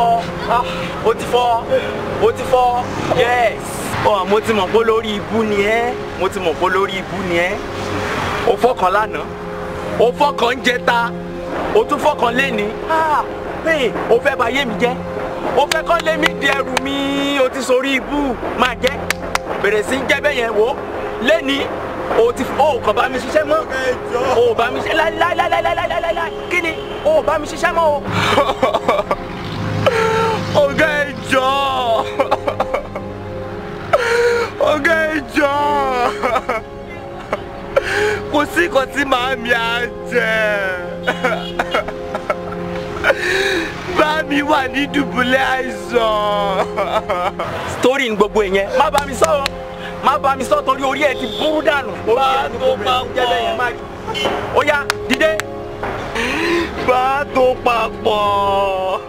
fọ́ ó ti fọ́ ó ti fọ́ yes oh, mo ti mọ̀ pé lórí ibú ni ẹ́ mo ti mọ̀ pé lórí ibú ni ẹ́ o fọ́kàn lánàá o fọ́kàn jẹta o tún fọ́kàn lẹ́ni o fẹ́ bà yé mi jẹ́ o fẹ́ kọ́ lé mi di ẹrù mi o ti sórí ibú máa jẹ́ bẹ̀rẹ̀ sí jẹ́ bẹ́ẹ̀ yẹn wò lẹ́ni o ti o kàn bá mi ṣiṣẹ́ mọ́ o bá mi ṣiṣẹ́ láíláíláíláíláíláí kí ni o bá mi ṣiṣẹ́ mọ́ o. sí nǹkan tí màámi á jẹ bámi wà ní dùbúlẹ̀ àìsàn. story ni gbogbo ìyẹn má bá mi sọ̀rọ̀ má bá mi sọ torí orí ẹ ti burú dànù. orí ẹ ti burú ó yá dìde. bá a tó papọ̀.